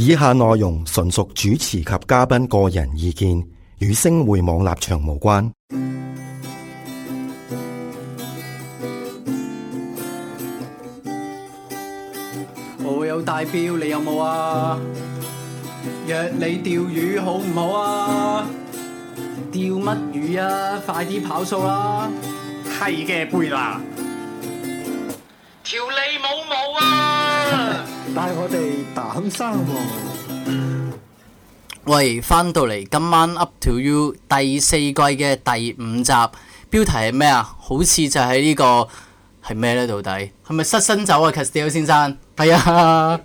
以下內容純屬主持及嘉賓個人意見，與星匯網立場無關。我有大標，你有冇啊？約你釣魚好唔好啊？釣乜魚啊？快啲跑數啦！係嘅，貝拿。條脷冇毛啊！但我哋膽生喎。喂，翻到嚟今晚噏 to you 第四季嘅第五集標題係咩、這個、啊？好似、哎、 就喺呢個係咩、啊、呢？到底係咪失身酒啊？Castiel 先生係啊，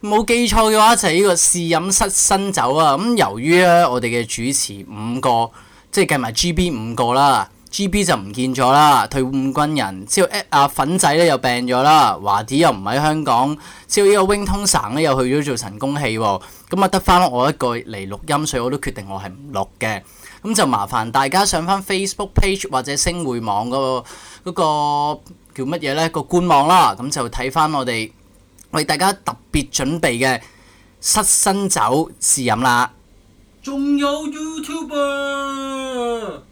冇記錯嘅話就係呢個試飲失身酒啊。咁由於咧，我哋嘅主持五個即係計埋 G B 五個啦。GB 就唔見咗啦，退伍軍人，之後阿粉仔咧又病咗啦，華仔又唔喺香港，之後呢個 wing 通成咧又去咗做神功戲喎，咁啊得翻我一個嚟錄音，所以我都決定我係唔錄嘅，咁就麻煩大家上翻 Facebook page 或者星匯網個嗰個叫乜嘢呢個官網啦，咁就睇翻我哋為大家特別準備嘅失身酒試飲啦，仲有 YouTuber。